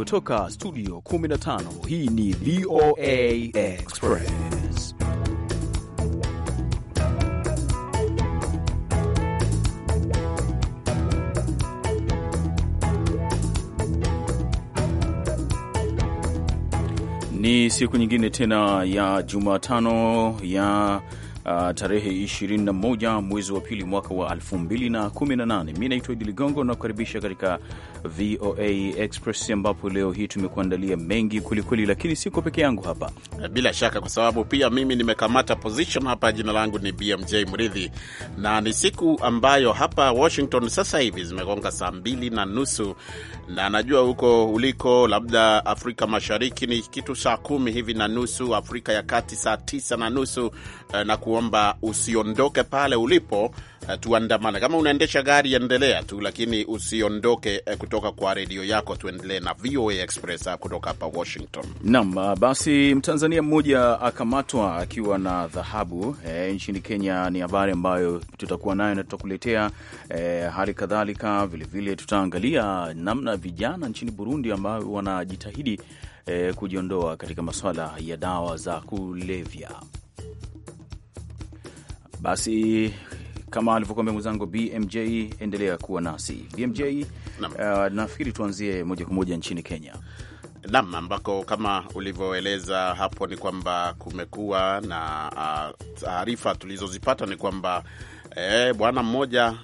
kutoka studio 15 hii ni VOA Express. Ni siku nyingine tena ya Jumatano ya uh, tarehe 21 mwezi wa pili mwaka wa 2018. Mi naitwa Idi Ligongo na kukaribisha katika VOA Express ambapo leo hii tumekuandalia mengi kwelikweli, lakini siko peke yangu hapa, bila shaka, kwa sababu pia mimi nimekamata position hapa. Jina langu ni BMJ Mridhi na ni siku ambayo hapa Washington sasa hivi zimegonga saa mbili na nusu na najua huko uliko labda Afrika Mashariki ni kitu saa kumi hivi na nusu, Afrika ya Kati saa tisa na nusu eh, na ku kuomba usiondoke pale ulipo, eh, tuandamane. Kama unaendesha gari, endelea tu, lakini usiondoke eh, kutoka kwa redio yako. Tuendelee na VOA Express eh, kutoka hapa Washington. Naam, basi Mtanzania mmoja akamatwa akiwa na dhahabu e, nchini Kenya. Ni habari ambayo tutakuwa nayo na tutakuletea e, hali kadhalika vilevile tutaangalia namna vijana nchini Burundi ambao wanajitahidi e, kujiondoa katika masuala ya dawa za kulevya. Basi kama alivyokuambia mwenzangu BMJ, endelea kuwa nasi BMJ. Uh, nafikiri tuanzie moja kwa moja nchini Kenya. nam ambako kama ulivyoeleza hapo ni kwamba kumekuwa na uh, taarifa tulizozipata ni kwamba eh, bwana mmoja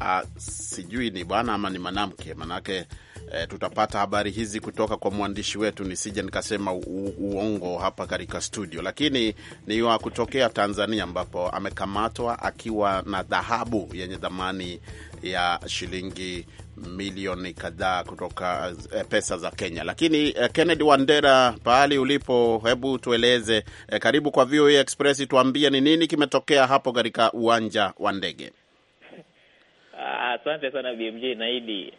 uh, sijui ni bwana ama ni mwanamke, manake e, tutapata habari hizi kutoka kwa mwandishi wetu, nisije nikasema uongo hapa katika studio. Lakini ni wa kutokea Tanzania ambapo amekamatwa akiwa na dhahabu yenye thamani ya shilingi milioni kadhaa kutoka eh, pesa za Kenya. Lakini eh, Kennedy Wandera, pahali ulipo, hebu tueleze, karibu kwa VOA e Express, tuambie ni nini kimetokea hapo katika uwanja wa ndege. Ah, asante ah, sana BMJ Naidi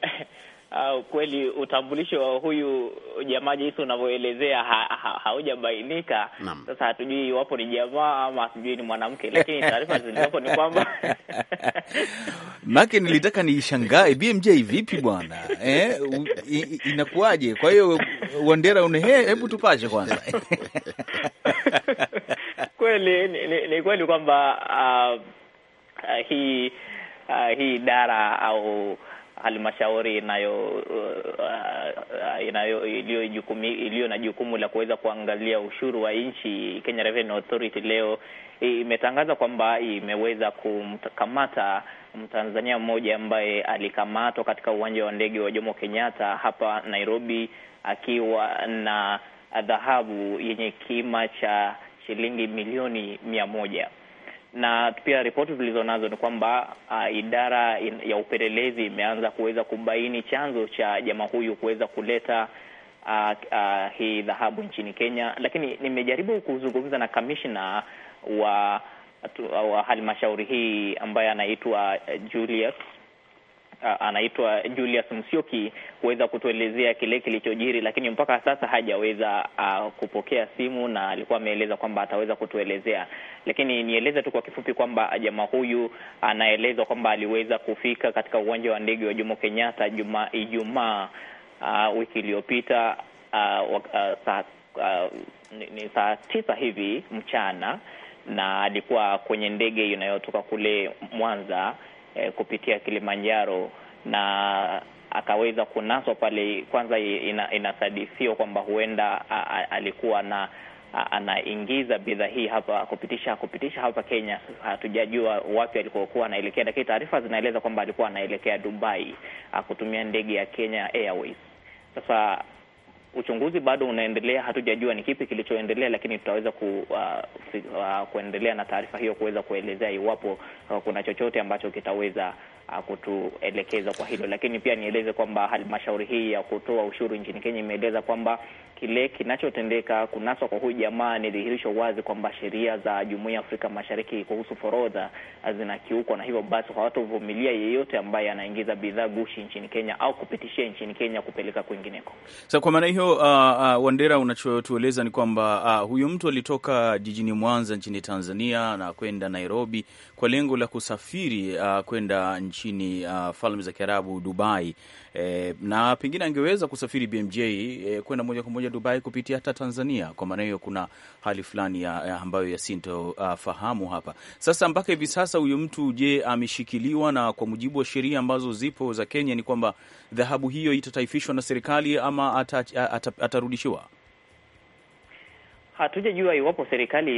au kweli utambulisho wa huyu jamaa jinsi unavyoelezea ha, ha, haujabainika. Sasa hatujui iwapo ni jamaa ama hatujui ni mwanamke, lakini taarifa zilizopo ni kwamba make nilitaka niishangae BMJ vipi bwana eh, inakuwaje? Kwa hiyo Wandera unehe, hebu tupashe kwanza kweli ni, ni, ni kweli kwamba uh, uh, hii uh, hii idara au uh, halmashauri inayo uh, uh inayo iliyo na jukumu la kuweza kuangalia ushuru wa nchi, Kenya Revenue Authority, leo imetangaza kwamba imeweza kumkamata Mtanzania mmoja ambaye alikamatwa katika uwanja wa ndege wa Jomo Kenyatta hapa Nairobi akiwa na dhahabu yenye kima cha shilingi milioni mia moja na pia ripoti nazo ni kwamba uh, idara in, ya upelelezi imeanza kuweza kubaini chanzo cha jamaa huyu kuweza kuleta uh, uh, hii dhahabu nchini Kenya. Lakini nimejaribu kuzungumza na kamishna wa, wa halmashauri hii ambaye anaitwa eh, Julius uh, anaitwa Julius Msioki kuweza kutuelezea kile kilichojiri, lakini mpaka sasa hajaweza uh, kupokea simu na alikuwa ameeleza kwamba ataweza kutuelezea, lakini nieleze tu kwa kifupi kwamba jamaa huyu anaelezwa kwamba aliweza kufika katika uwanja wa ndege wa Jomo Kenyatta juma Ijumaa uh, wiki iliyopita uh, uh, uh, ni, ni saa tisa hivi mchana na alikuwa kwenye ndege inayotoka kule Mwanza eh, kupitia Kilimanjaro na akaweza kunaswa pale. Kwanza ina, inasadifiwa kwamba huenda a, a, alikuwa na anaingiza bidhaa hii hapa kupitisha kupitisha hapa Kenya. Hatujajua wapi alikokuwa anaelekea, lakini taarifa zinaeleza kwamba alikuwa anaelekea Dubai kutumia ndege ya Kenya Airways. Sasa uchunguzi bado unaendelea, hatujajua ni kipi kilichoendelea, lakini tutaweza ku, uh, uh, kuendelea na taarifa hiyo kuweza kuelezea iwapo uh, kuna chochote ambacho kitaweza Uh, kutuelekeza kwa hilo. Lakini pia nieleze kwamba halmashauri hii ya kutoa ushuru nchini Kenya imeeleza kwamba kile kinachotendeka kunaswa kwa huyu jamaa ni dhihirisho wazi kwamba sheria za Jumuiya ya Afrika Mashariki kuhusu forodha uh, zinakiukwa, na hivyo basi hawatovumilia yeyote ambaye anaingiza bidhaa gushi nchini Kenya au kupitishia nchini Kenya kupeleka kwingineko. Sa, kwa maana hiyo, uh, uh, Wandera, unachotueleza ni kwamba uh, huyu mtu alitoka jijini Mwanza nchini Tanzania na kwenda Nairobi kwa lengo la kusafiri uh, kwenda nchini uh, Falme za Kiarabu Dubai, e, na pengine angeweza kusafiri BMJ e, eh, kwenda moja kwa moja Dubai kupitia hata Tanzania. Kwa maana hiyo kuna hali fulani ya, ya ambayo yasinto uh, fahamu hapa sasa. Mpaka hivi sasa huyu mtu je, ameshikiliwa? Na kwa mujibu wa sheria ambazo zipo za Kenya ni kwamba dhahabu hiyo itataifishwa na serikali ama atarudishiwa ata, ata, ata Hatujajua iwapo serikali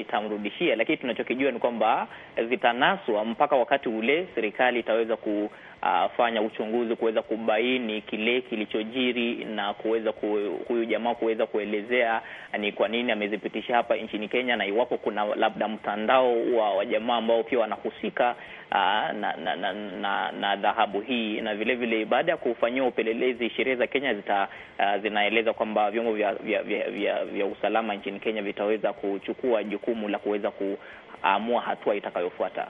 itamrudishia ita, ita, lakini tunachokijua ni kwamba zitanaswa mpaka wakati ule serikali itaweza ku uh, fanya uchunguzi kuweza kubaini kile kilichojiri na kuweza huyu jamaa kuweza kuelezea ni kwa nini amezipitisha hapa nchini Kenya, na iwapo kuna labda mtandao wa wajamaa ambao pia wanahusika uh, na na na, na, na dhahabu hii. Na vile vile baada ya kufanyia upelelezi, sheria za Kenya zita, uh, zinaeleza kwamba vyombo vya, vya, vya, vya, vya usalama nchini Kenya vitaweza kuchukua jukumu la kuweza kuamua hatua itakayofuata.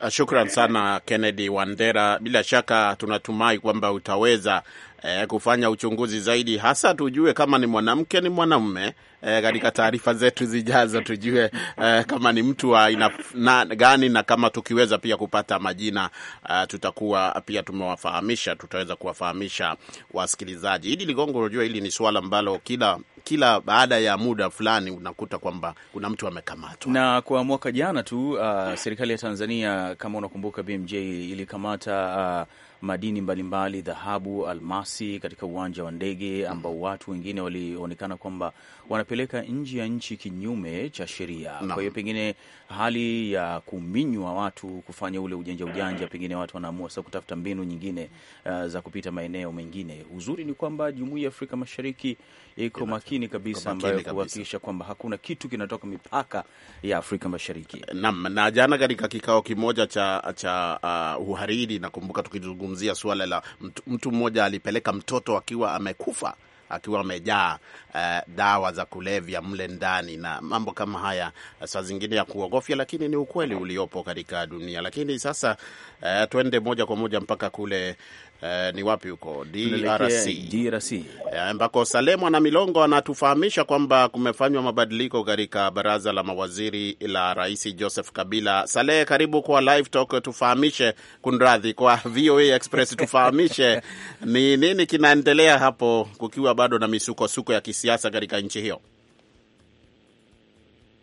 Uh, shukran sana Kennedy Wandera, bila shaka tunatumai kwamba utaweza e, kufanya uchunguzi zaidi, hasa tujue kama ni mwanamke ni mwanamume. E, katika taarifa zetu zijazo tujue e, kama ni mtu wa ina na, gani na kama tukiweza pia kupata majina a, tutakuwa pia tumewafahamisha, tutaweza kuwafahamisha wasikilizaji. Hili ligongo, unajua hili ni swala ambalo kila kila baada ya muda fulani unakuta kwamba kuna mtu amekamatwa, na kwa mwaka jana tu uh, serikali ya Tanzania kama unakumbuka BMJ ilikamata uh, ah, madini mbalimbali, dhahabu, almasi katika uwanja wa ndege ambao watu wengine walionekana kwamba wanapeleka nje ya nchi kinyume cha sheria. Kwa hiyo pengine hali ya kuminywa watu kufanya ule ujanja ujanja, pengine watu wanaamua sasa kutafuta mbinu nyingine uh, za kupita maeneo mengine. Uzuri ni kwamba Jumuiya ya Afrika Mashariki iko makini kabisa, ambayo kuhakikisha kwamba hakuna kitu kinatoka mipaka ya Afrika Mashariki. Naam, na jana katika kikao kimoja cha, cha uh, uhariri nakumbuka tukizungumza anazungumzia suala la mtu, mtu mmoja alipeleka mtoto akiwa amekufa akiwa amejaa uh, dawa za kulevya mle ndani na mambo kama haya, saa zingine ya kuogofya, lakini ni ukweli uliopo katika dunia. Lakini sasa uh, eh, tuende moja kwa moja mpaka kule eh, ni wapi huko DRC, DRC eh, ambako Salemu na Milongo anatufahamisha kwamba kumefanywa mabadiliko katika baraza la mawaziri la Rais Joseph Kabila. Salehe, karibu kwa Live Talk, tufahamishe kunradhi, kwa VOA Express tufahamishe ni nini kinaendelea hapo, kukiwa bado na misukosuko ya kisiasa katika nchi hiyo.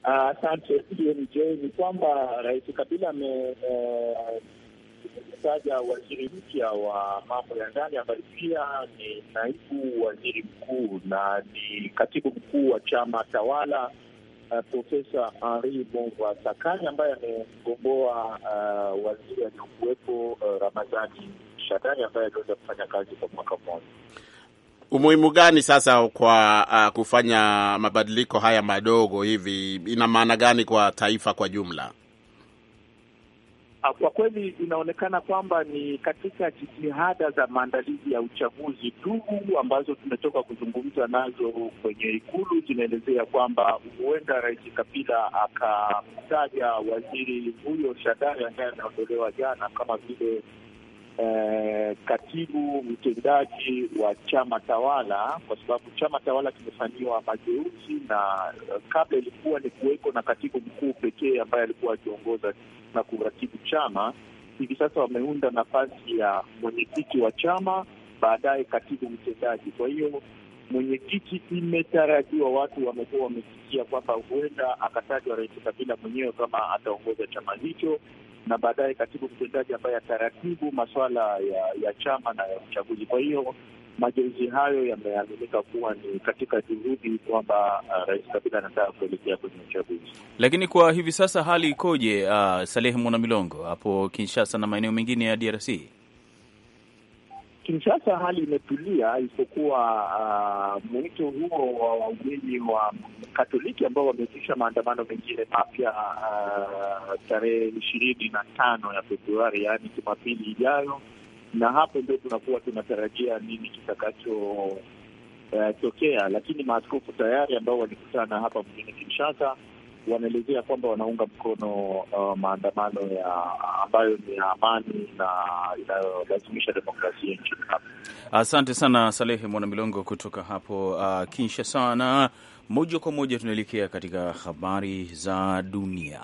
Asante. Uh, ni kwamba Rais Kabila ame uh, taja waziri mpya wa mambo ya ndani ambaye pia ni naibu waziri mkuu na ni katibu mkuu wa chama tawala uh, Profesa Henri Bongwa Sakani ambaye amegomboa uh, waziri aliyokuwepo uh, eh, Ramadhani Shadani ambaye aliweza kufanya kazi kwa mwaka mmoja. Umuhimu gani sasa kwa uh, kufanya mabadiliko haya madogo hivi, ina maana gani kwa taifa kwa jumla? Ah, kwa kweli inaonekana kwamba ni katika jitihada za maandalizi ya uchaguzi tu ambazo tumetoka kuzungumza nazo kwenye Ikulu zinaelezea kwamba huenda Rais Kabila akamtaja waziri huyo Shadari ambaye ameondolewa jana kama vile eh, katibu mtendaji wa chama tawala, kwa sababu chama tawala kimefanyiwa mageuzi, na eh, kabla ilikuwa ni kuweko na katibu mkuu pekee ambaye alikuwa akiongoza na kuratibu chama. Hivi sasa wameunda nafasi ya mwenyekiti wa chama, baadaye katibu mtendaji. Kwa hiyo mwenyekiti, imetarajiwa watu wamekuwa wamesikia kwamba huenda akatajwa Rais Kabila mwenyewe kama ataongoza chama hicho, na baadaye katibu mtendaji ambaye ataratibu masuala ya, ya chama na ya uchaguzi. Kwa hiyo Majeruhi hayo yameaminika kuwa ni katika juhudi kwamba uh, Rais Kabila anataka kuelekea kwenye uchaguzi. Lakini kwa hivi sasa hali ikoje, uh, Salehe Mwanamilongo, hapo Kinshasa na maeneo mengine ya DRC? Kinshasa hali imetulia isipokuwa uh, mwito huo wa waumini wa Katoliki ambao wameitisha maandamano mengine mapya uh, tarehe ishirini na tano ya Februari, yaani Jumapili ijayo na hapo ndio tunakuwa tunatarajia nini kitakachotokea. Eh, uh, lakini maaskofu tayari ambao walikutana hapa mjini Kinshasa wanaelezea kwamba wanaunga mkono uh, maandamano ya ambayo ni ya amani na inayolazimisha demokrasia nchini hapa. Asante sana Salehe Mwanamilongo kutoka hapo uh, Kinshasa, na moja kwa moja tunaelekea katika habari za dunia.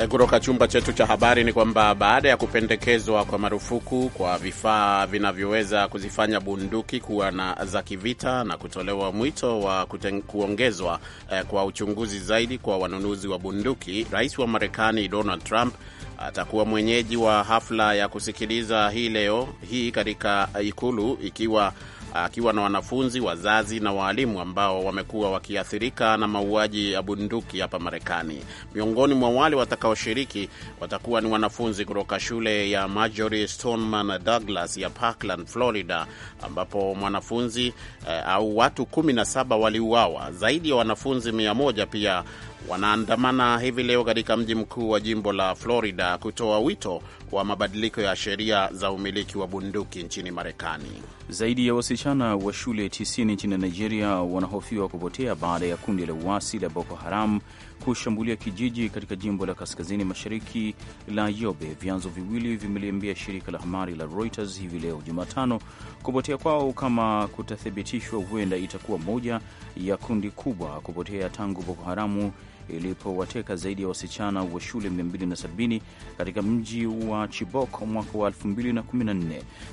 Eh, kutoka chumba chetu cha habari ni kwamba baada ya kupendekezwa kwa marufuku kwa vifaa vinavyoweza kuzifanya bunduki kuwa na za kivita na kutolewa mwito wa kuongezwa eh, kwa uchunguzi zaidi kwa wanunuzi wa bunduki, rais wa Marekani Donald Trump atakuwa mwenyeji wa hafla ya kusikiliza hii leo hii katika Ikulu ikiwa akiwa na wanafunzi, wazazi na waalimu ambao wamekuwa wakiathirika na mauaji ya bunduki hapa Marekani. Miongoni mwa wale watakaoshiriki watakuwa ni wanafunzi kutoka shule ya Marjory Stoneman Douglas ya Parkland, Florida, ambapo mwanafunzi eh, au watu 17 waliuawa. Zaidi ya wanafunzi 100 pia wanaandamana hivi leo katika mji mkuu wa jimbo la Florida kutoa wito wa mabadiliko ya sheria za umiliki wa bunduki nchini Marekani. Zaidi ya wasichana wa shule 90 nchini Nigeria wanahofiwa kupotea baada ya kundi la uasi la Boko Haram kushambulia kijiji katika jimbo la kaskazini mashariki la Yobe. Vyanzo viwili vimeliambia shirika la habari la Reuters hivi leo Jumatano. Kupotea kwao, kama kutathibitishwa, huenda itakuwa moja ya kundi kubwa kupotea tangu Boko Haramu ilipowateka zaidi ya wasichana wa shule 270 katika mji wa Chibok mwaka wa 2014.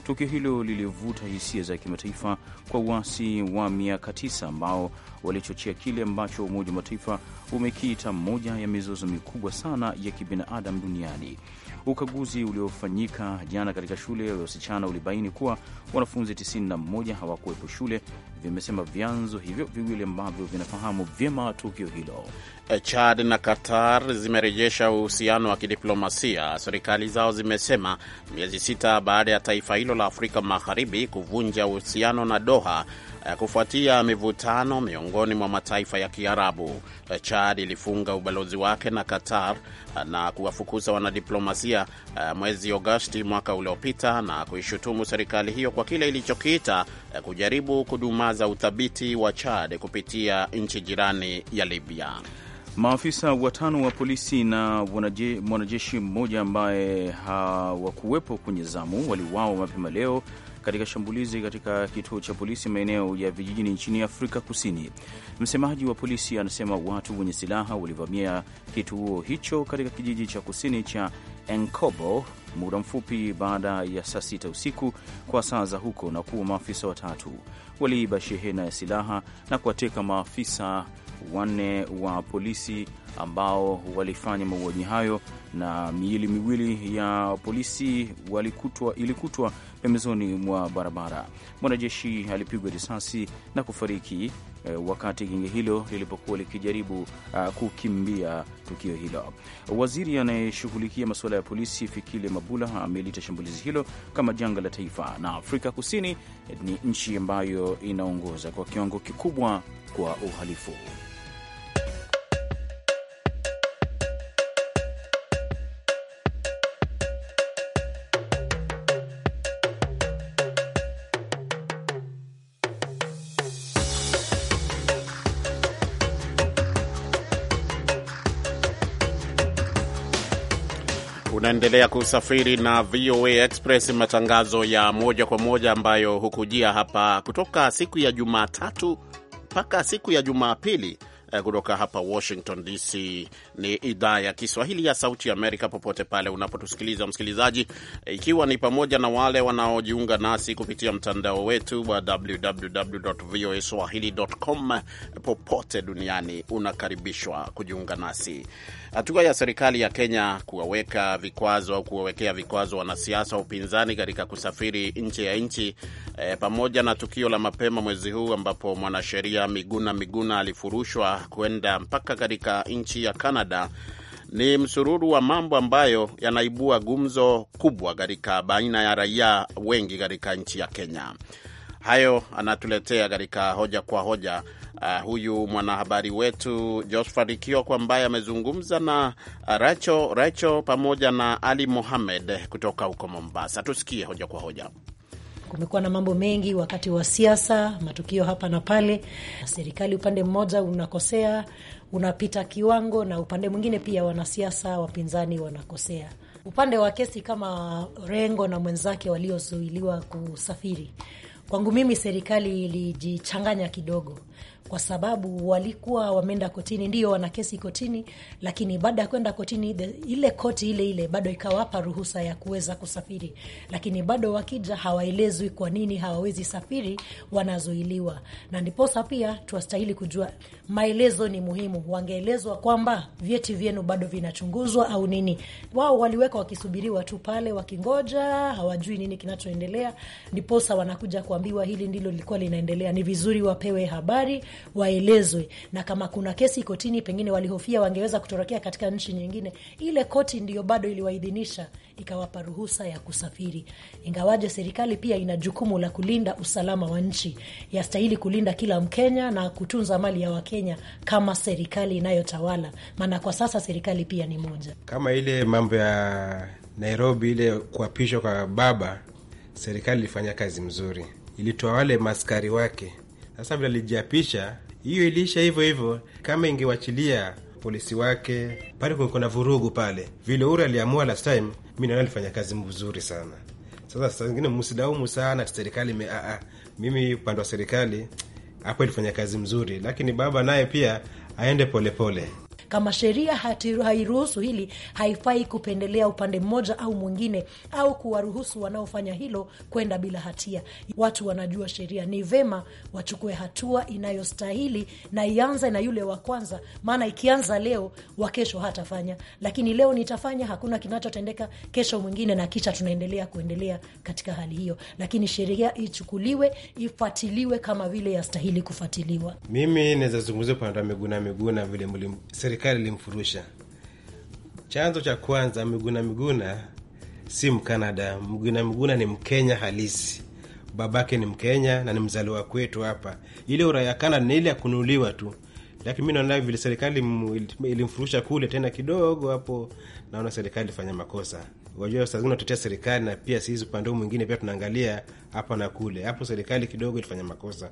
Tukio hilo lilivuta hisia za kimataifa kwa uasi wa miaka 9 ambao walichochea kile ambacho Umoja wa Mataifa umekiita moja ya mizozo mikubwa sana ya kibinadamu duniani. Ukaguzi uliofanyika jana katika shule ya wasichana ulibaini kuwa wanafunzi 91 hawakuwepo shule, vimesema vyanzo hivyo viwili ambavyo vinafahamu vyema tukio hilo. Chad na Qatar zimerejesha uhusiano wa kidiplomasia, serikali zao zimesema, miezi sita baada ya taifa hilo la Afrika Magharibi kuvunja uhusiano na Doha Eh, kufuatia mivutano miongoni mwa mataifa ya Kiarabu. Eh, Chad ilifunga ubalozi wake na Qatar eh, na kuwafukuza wanadiplomasia mwezi Agosti mwaka uliopita na kuishutumu serikali hiyo kwa kile ilichokiita kujaribu kudumaza uthabiti wa Chad kupitia nchi jirani ya Libya. Maafisa watano wa polisi na mwanajeshi mmoja ambaye hawakuwepo kwenye zamu waliuawa mapema leo katika shambulizi katika kituo cha polisi maeneo ya vijijini nchini Afrika Kusini. Msemaji wa polisi anasema watu wenye silaha walivamia kituo hicho katika kijiji cha kusini cha Enkobo muda mfupi baada ya saa sita usiku kwa saa za huko, na kuwa maafisa watatu waliiba shehena ya silaha na kuwateka maafisa wanne wa polisi ambao walifanya mauaji hayo, na miili miwili ya polisi walikutwa, ilikutwa pembezoni mwa barabara. Mwanajeshi alipigwa risasi na kufariki eh, wakati genge hilo lilipokuwa likijaribu uh, kukimbia tukio hilo. Waziri anayeshughulikia masuala ya polisi Fikile Mabula ameliita shambulizi hilo kama janga la taifa, na Afrika Kusini ni nchi ambayo inaongoza kwa kiwango kikubwa kwa uhalifu. Unaendelea kusafiri na VOA Express, matangazo ya moja kwa moja ambayo hukujia hapa kutoka siku ya Jumatatu mpaka siku ya Jumapili Eh, kutoka hapa Washington DC. Ni idhaa ya Kiswahili ya Sauti Amerika. Popote pale unapotusikiliza msikilizaji, ikiwa ni pamoja na wale wanaojiunga nasi kupitia mtandao wetu wa www voa swahili.com, popote duniani unakaribishwa kujiunga nasi. Hatua ya serikali ya Kenya kuwaweka vikwazo au kuwawekea vikwazo wanasiasa wa upinzani katika kusafiri nje ya nchi e, pamoja na tukio la mapema mwezi huu ambapo mwanasheria Miguna Miguna alifurushwa kwenda mpaka katika nchi ya Canada ni msururu wa mambo ambayo yanaibua gumzo kubwa katika baina ya raia wengi katika nchi ya Kenya. Hayo anatuletea katika hoja kwa hoja. Uh, huyu mwanahabari wetu Josphat Kioko ambaye amezungumza na Racho Racho pamoja na Ali Mohamed kutoka huko Mombasa. Tusikie hoja kwa hoja. Kumekuwa na mambo mengi wakati wa siasa, matukio hapa na pale. Serikali upande mmoja unakosea, unapita kiwango, na upande mwingine pia wanasiasa wapinzani wanakosea. Upande wa kesi kama Rengo na mwenzake waliozuiliwa kusafiri Kwangu mimi serikali ilijichanganya kidogo, kwa sababu walikuwa wameenda kotini, ndio wana kesi kotini, lakini baada ya kwenda kotini the, ile koti ile ile bado ikawapa ruhusa ya kuweza kusafiri, lakini bado wakija hawaelezwi kwa nini hawawezi safiri, wanazuiliwa. Na ndiposa pia tuwastahili kujua, maelezo ni muhimu. Wangeelezwa kwamba vyeti vyenu bado vinachunguzwa au nini. Wao waliweka wakisubiriwa tu pale, wakingoja, hawajui nini kinachoendelea, ndiposa wanakuja kwa kuambiwa hili ndilo lilikuwa linaendelea, ni vizuri wapewe habari, waelezwe, na kama kuna kesi kotini, pengine walihofia wangeweza kutorokea katika nchi nyingine, ile koti ndiyo bado iliwaidhinisha ikawapa ruhusa ya kusafiri. Ingawaje serikali pia ina jukumu la kulinda usalama wa nchi, yastahili kulinda kila Mkenya na kutunza mali ya Wakenya kama serikali inayotawala, maana kwa sasa serikali pia ni moja, kama ile mambo ya Nairobi ile kuapishwa kwa baba serikali ilifanya kazi mzuri, ilitoa wale maskari wake. Sasa vile alijiapisha, hiyo iliisha hivyo hivyo. Kama ingewachilia polisi wake pale, kulikuwa na vurugu pale. Vile ura aliamua last time, mi naona alifanya kazi mzuri sana. Sasa saa zingine msilaumu sana serikali me, a, ah, a, ah. mimi upande wa serikali hapo ilifanya kazi mzuri, lakini baba naye pia aende polepole pole. Kama sheria hairuhusu hili, haifai kupendelea upande mmoja au mwingine, au kuwaruhusu wanaofanya hilo kwenda bila hatia. Watu wanajua sheria, ni vema wachukue hatua inayostahili na ianze na yule wa kwanza, maana ikianza leo, wa kesho hatafanya. Lakini leo nitafanya, hakuna kinachotendeka, kesho mwingine, na kisha tunaendelea kuendelea katika hali hiyo. Lakini sheria ichukuliwe, ifuatiliwe kama vile yastahili kufuatiliwa. Mimi naweza zungumzia upande wa Miguna Miguna vile mli serikali ilimfurusha. Chanzo cha kwanza, Miguna Miguna si Mkanada. Miguna Miguna ni Mkenya halisi, babake ni Mkenya na ni mzaliwa kwetu hapa. Ile uraia Kanada ni ile ya kununuliwa tu, lakini mi naona vile serikali ilimfurusha kule tena kidogo hapo, naona serikali ilifanya makosa. Wajua, saa zingine unatetea serikali na pia sisi upande huu mwingine pia tunaangalia hapa na kule, hapo serikali kidogo ilifanya makosa.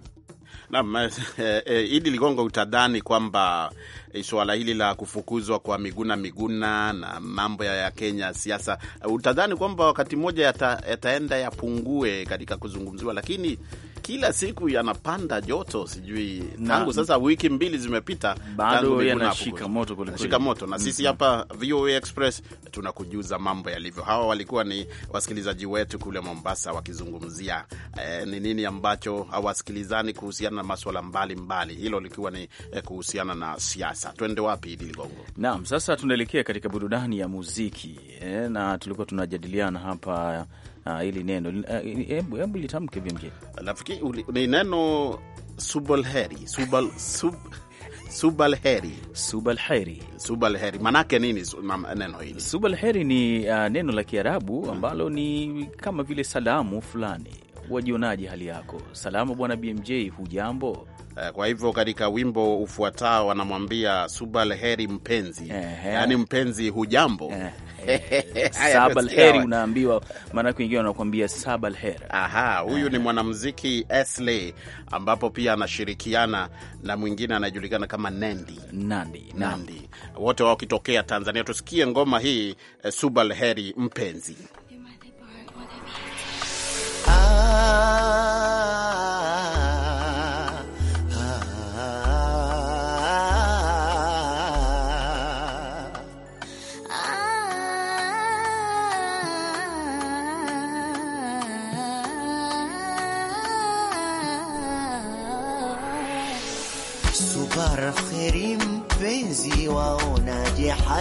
Naam, e, e, Idi Ligongo, utadhani kwamba e, suala hili la kufukuzwa kwa Miguna Miguna na mambo ya, ya Kenya siasa, utadhani kwamba wakati mmoja yataenda yata yapungue katika kuzungumziwa, lakini kila siku yanapanda joto, sijui tangu sasa wiki mbili zimepita, bado yanashika moto shika moto. Na sisi hapa VOA Express tunakujuza mambo yalivyo. Hawa walikuwa ni wasikilizaji wetu kule Mombasa wakizungumzia eh, ni nini ambacho hawasikilizani kuhusiana na maswala mbalimbali, hilo likiwa ni eh, kuhusiana na siasa. Twende wapi hili ligongo? Naam, sasa tunaelekea katika burudani ya muziki eh, na tulikuwa tunajadiliana hapa Ah, hili neno, eh, eh, hebu litamke BMJ. Nafikiri ni neno subalheri, subal, sub Subalheri, subalheri, subalheri manake nini neno hili? Subalheri ni uh, neno la Kiarabu ambalo ni kama vile salamu fulani. Wajionaje hali yako? Salamu bwana BMJ, hujambo? Eh, kwa hivyo katika wimbo ufuatao anamwambia subalheri mpenzi, yaani mpenzi hujambo. Ehe. Eh, saba alheri unaambiwa, maanake wengine wanakuambia saba alheri. Aha, huyu ni mwanamuziki Esley, ambapo pia anashirikiana na mwingine anajulikana kama Nandi Nandi Nandi, wote wao wakitokea Tanzania. Tusikie ngoma hii eh, suba alheri mpenzi ah.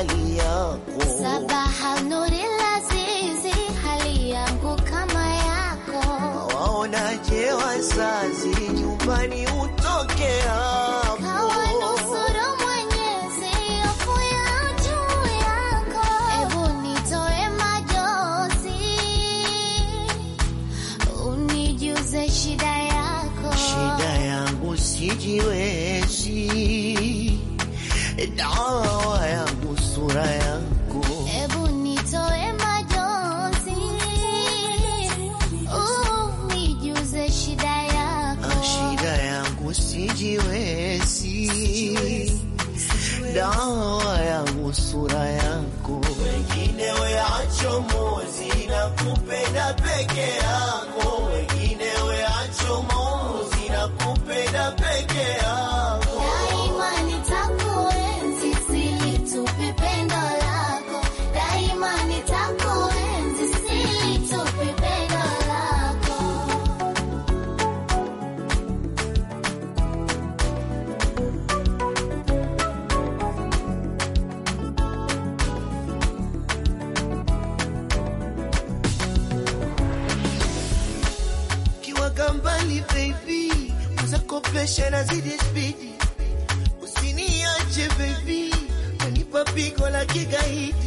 Bali. sijiwezi, dawa yangu sura yako, wengine weacho na kupenda peke yako Maisha nazidi spidi, usiniache baby, unipa pigo la kigaidi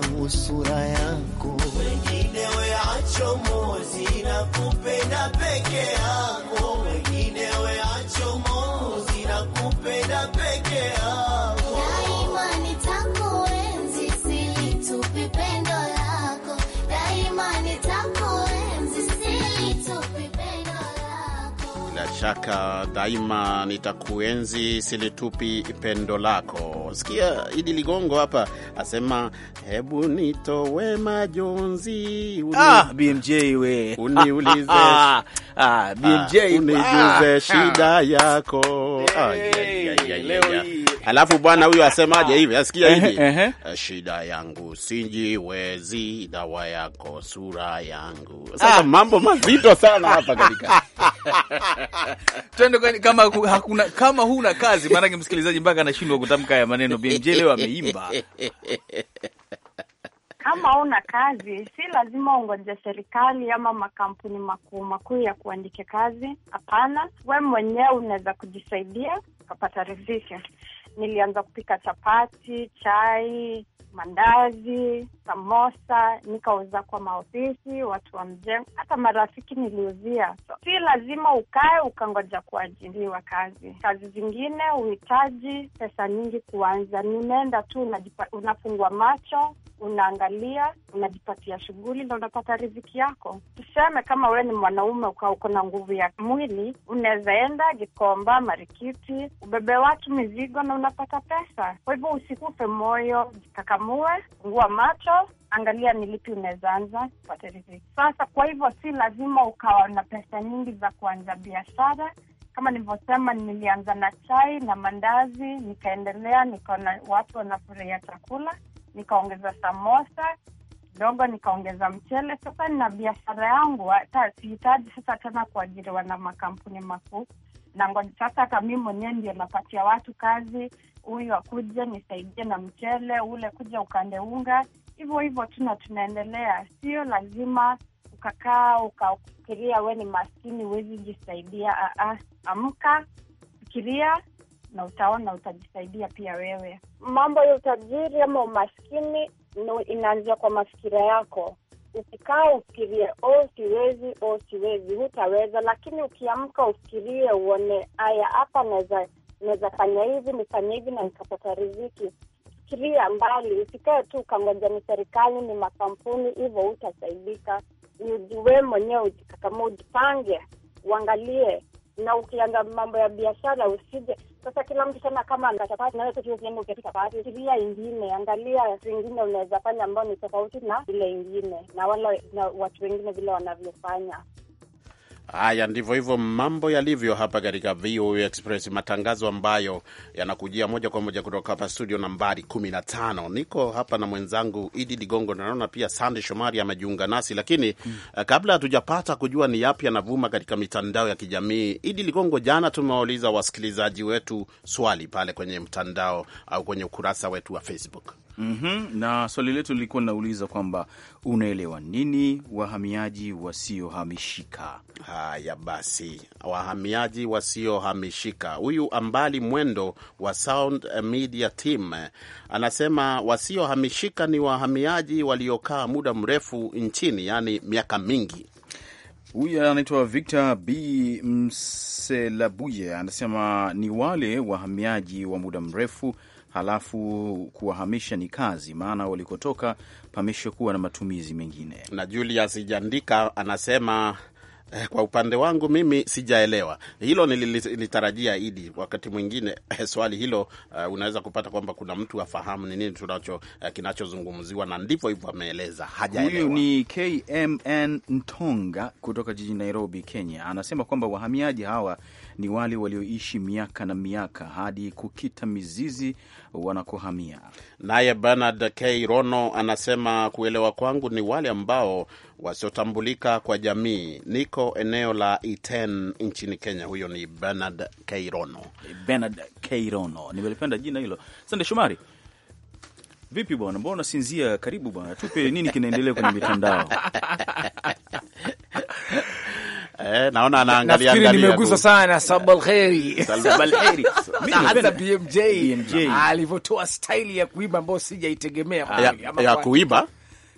wangu sura yako, wengine weacho na kupenda peke yako shaka daima nitakuenzi, silitupi pendo lako. Sikia Idi Ligongo hapa asema, hebu nitowe majonzi uni... ah, BMJ ah, ah, we uniulize ah, ah, BMJ unijuze ah, shida yako hey, ah, yeah, yeah, yeah, yeah, hii Alafu bwana huyo asemaje hivi? Asikia hivi, eh, shida yangu wezi dawa yako sura yangu. Ah. Sasa mambo mazito sana hapa katika twende kama hakuna, kama huna kazi, maanake msikilizaji mpaka anashindwa kutamka haya maneno. BMJ leo ameimba kama una kazi si lazima ungoje serikali ama makampuni makuu makuu ya kuandika kazi. Hapana, we mwenyewe unaweza kujisaidia ukapata riziki nilianza kupika chapati, chai, mandazi, samosa, nikauza kwa maofisi, watu wa mjengo, hata marafiki niliuzia. So, si lazima ukae ukangoja kuajiriwa kazi. Kazi zingine uhitaji pesa nyingi kuanza, nimeenda tu unafungua macho unaangalia unajipatia shughuli na unapata riziki yako. Tuseme kama wewe ni mwanaume ukawa uko na nguvu ya mwili, unaweza enda Gikomba, Marikiti, ubebe watu mizigo na unapata pesa. Kwa hivyo usikufe moyo, jikakamue, ngua macho, angalia ni lipi unaweza anza upate riziki. Sasa kwa hivyo si lazima ukawa na pesa nyingi za kuanza biashara. Kama nilivyosema, nilianza na chai na mandazi, nikaendelea, nikaona watu wanafurahia chakula, nikaongeza samosa kidogo nikaongeza mchele. Sasa nina biashara yangu, hata sihitaji sasa tena kuajiriwa na makampuni makuu na sasa, hata mimi mwenyewe ndio napatia watu kazi, huyu akuja nisaidie na mchele ule, kuja ukande unga, hivyo hivyo tuna tunaendelea. Sio lazima ukakaa ukafikiria we ni maskini huwezi jisaidia. Ah, ah, amka, fikiria na utaona utajisaidia pia wewe. Mambo ya utajiri ama umaskini inaanzia kwa mafikira yako ukikaa ufikirie o oh, siwezi o oh, siwezi, hutaweza. Lakini ukiamka ufikirie, uone haya, hapa naweza fanya hivi, nifanye hivi na nikapata riziki. Fikiria mbali, usikae tu ukangoja ni serikali, ni makampuni, hivyo hutasaidika. Ujue mwenyewe, ujikakama, ujipange, uangalie. Na ukianga mambo ya biashara, usije sasa kila mtu tena, kama na chapati nawe tuzienda upia chapati, fikiria ingine, angalia ingine unaweza fanya ambao ni tofauti na ile ingine, na wala na watu wengine vile wanavyofanya. Haya, ndivyo hivyo mambo yalivyo hapa katika VOA Express, matangazo ambayo yanakujia moja kwa moja kutoka hapa studio nambari 15. Niko hapa na mwenzangu Idi Ligongo, naona pia Sande Shomari amejiunga nasi, lakini mm, eh, kabla hatujapata kujua ni yapi yanavuma katika mitandao ya kijamii, Idi Ligongo, jana tumewauliza wasikilizaji wetu swali pale kwenye mtandao au kwenye ukurasa wetu wa Facebook Mm -hmm. Na swali letu lilikuwa linauliza kwamba unaelewa nini wahamiaji wasiohamishika? Haya basi, wahamiaji wasiohamishika. Huyu Ambali Mwendo wa Sound Media Team eh, anasema wasiohamishika ni wahamiaji waliokaa muda mrefu nchini, yaani miaka mingi. Huyu anaitwa Victor B Mselabuye anasema ni wale wahamiaji wa muda mrefu halafu kuwahamisha ni kazi, maana walikotoka pameshakuwa na matumizi mengine. Na Julius Jandika anasema eh, kwa upande wangu mimi sijaelewa hilo, nilitarajia Idi wakati mwingine eh, swali hilo uh, unaweza kupata kwamba kuna mtu afahamu ni nini tunacho uh, kinachozungumziwa, na ndivyo hivyo ameeleza, hajaelewa. Huyu ni KMN Ntonga kutoka jijini Nairobi, Kenya, anasema kwamba wahamiaji hawa ni wale walioishi miaka na miaka hadi kukita mizizi wanakohamia. Naye Bernard K Rono anasema kuelewa kwangu ni wale ambao wasiotambulika kwa jamii. Niko eneo la Iten nchini Kenya. Huyo ni Bernard K Rono. Bernard K Rono, nimelipenda jina hilo. Sande Shomari. Vipi bwana, mbona unasinzia? Karibu bwana, tupe nini kinaendelea kwenye mitandao Eh, naona anaangalia angalia. Nimegusa sana sabal eh, Khairi. Sabal Khairi. Na hata BMJ ah, alivyotoa style ya kuimba ambayo sijaitegemea kwa ya, ya, kuimba.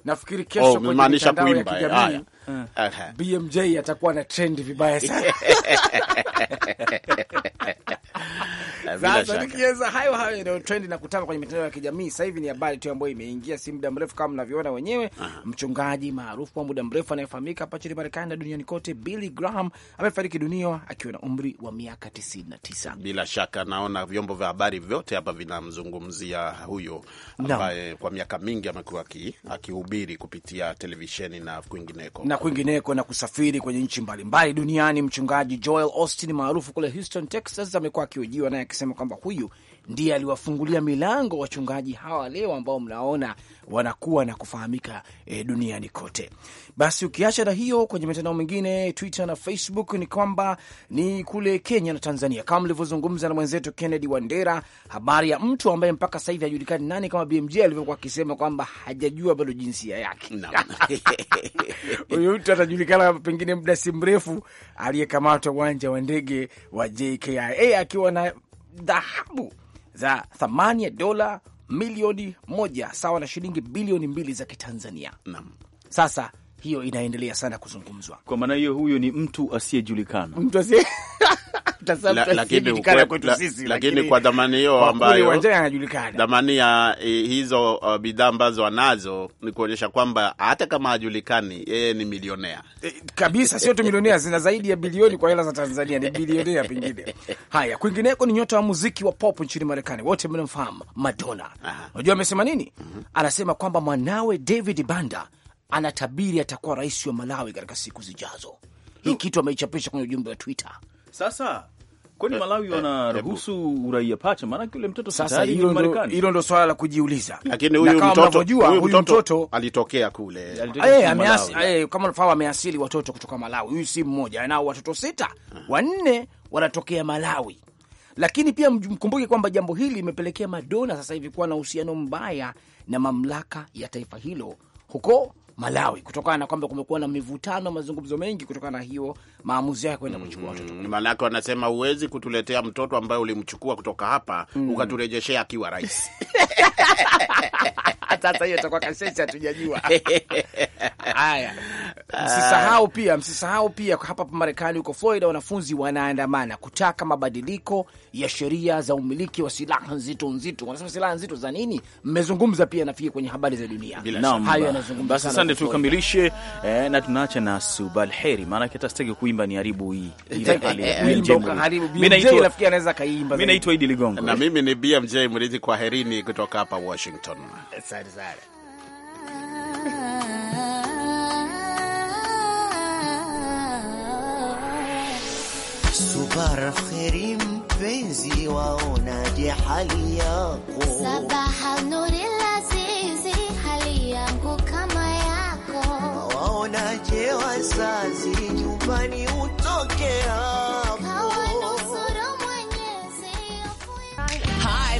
Nafikiri kesho oh, kwenye mitandao ya eh, kijamii Uh, eh, okay. BMJ atakuwa na trend vibaya sana Sasa tukianza hayo hayo ndio na kutamba kwenye mitandao ya kijamii sasa hivi, ni habari tu ambayo imeingia si muda mrefu kama mnavyoona wenyewe. Aha. Mchungaji maarufu kwa muda mrefu anayefahamika hapa nchini Marekani na duniani kote, Billy Graham amefariki dunia akiwa na umri wa miaka 99. Bila shaka naona vyombo vya habari vyote hapa vinamzungumzia huyo ambaye no. kwa miaka mingi amekuwa akihubiri kupitia televisheni na kwingineko na kwingineko na kusafiri kwenye nchi mbalimbali duniani. Mchungaji Joel Austin maarufu kule Houston, Texas amekuwa akihojiwa naye akisema kwamba huyu ndiye aliwafungulia milango wachungaji hawa leo ambao mnaona wanakuwa na kufahamika e, duniani kote. Basi ukiacha na hiyo, kwenye mitandao mingine Twitter na Facebook ni kwamba ni kule Kenya na Tanzania, kama mlivyozungumza na mwenzetu Kennedy Wandera, habari ya mtu ambaye mpaka sasa hivi hajulikani nani, kama BMJ alivyokuwa akisema kwamba hajajua bado jinsia yake huyu mtu atajulikana pengine muda si mrefu, aliyekamatwa uwanja wa ndege wa JKIA akiwa na dhahabu za thamani ya dola milioni moja sawa na shilingi bilioni mbili za Kitanzania. Sasa hiyo inaendelea sana kuzungumzwa. Kwa maana hiyo, huyo ni mtu asiyejulikana, mtu asiye lakini kwa dhamani hiyo ambayo dhamani ya eh, hizo uh, bidhaa ambazo anazo ni kuonyesha kwamba hata kama hajulikani yeye ni milionea e, kabisa. Sio tu milionea, zina zaidi ya bilioni kwa hela za Tanzania, ni bilionea pengine. Haya, kwingineko ni nyota wa muziki wa pop nchini Marekani, wote mnamfahamu Madonna. Unajua amesema nini? mm -hmm. Anasema kwamba mwanawe David Banda anatabiri atakuwa rais wa Malawi katika siku zijazo. Hii kitu ameichapisha kwenye ujumbe wa Twitter. Sasa kwani eh, Malawi eh, wanaruhusu uraia pacha? Maanake yule mtoto sasa, hilo ndo swala la kujiuliza. Lakini huyu mtoto, huyu mtoto alitokea kule, eh, kama unafahamu, ameasili watoto kutoka Malawi. Huyu si mmoja, anao watoto sita, wanne wanatokea Malawi lakini pia mkumbuke kwamba jambo hili limepelekea Madona sasa hivi kuwa na uhusiano mbaya na mamlaka ya taifa hilo huko Malawi kutokana na kwamba kumekuwa na mivutano, mazungumzo mengi kutokana na hiyo maamuzi yake kwenda kuchukua watoto. Mm, Maanake wanasema huwezi kutuletea mtoto ambaye ulimchukua kutoka hapa mm -hmm. ukaturejeshea akiwa rais sasa hiyo itakuwa kasesi, hatujajua haya Msisahau pia, msisahau pia hapa Marekani, huko Florida, wanafunzi wanaandamana kutaka mabadiliko ya sheria za umiliki wa silaha nzito nzito. Wanasema silaha nzito za nini? Mmezungumza pia, nafiki kwenye habari za dunia hayo yanazungumza. Basi asante, tukamilishe eh, na tunaacha na subal heri, maanake atastaki kuimba ni haribu hii. Eh, eh, mimi naitwa Idi Ligongo na mimi ni BMJ Mridhi, herini kutoka hapa Washington. Sare, sare. Subara kheri mpenzi, waonaje hali yako? Sabaha nuril azizi, hali yangu kama yako. Waonaje wazazi, nyumbani utokea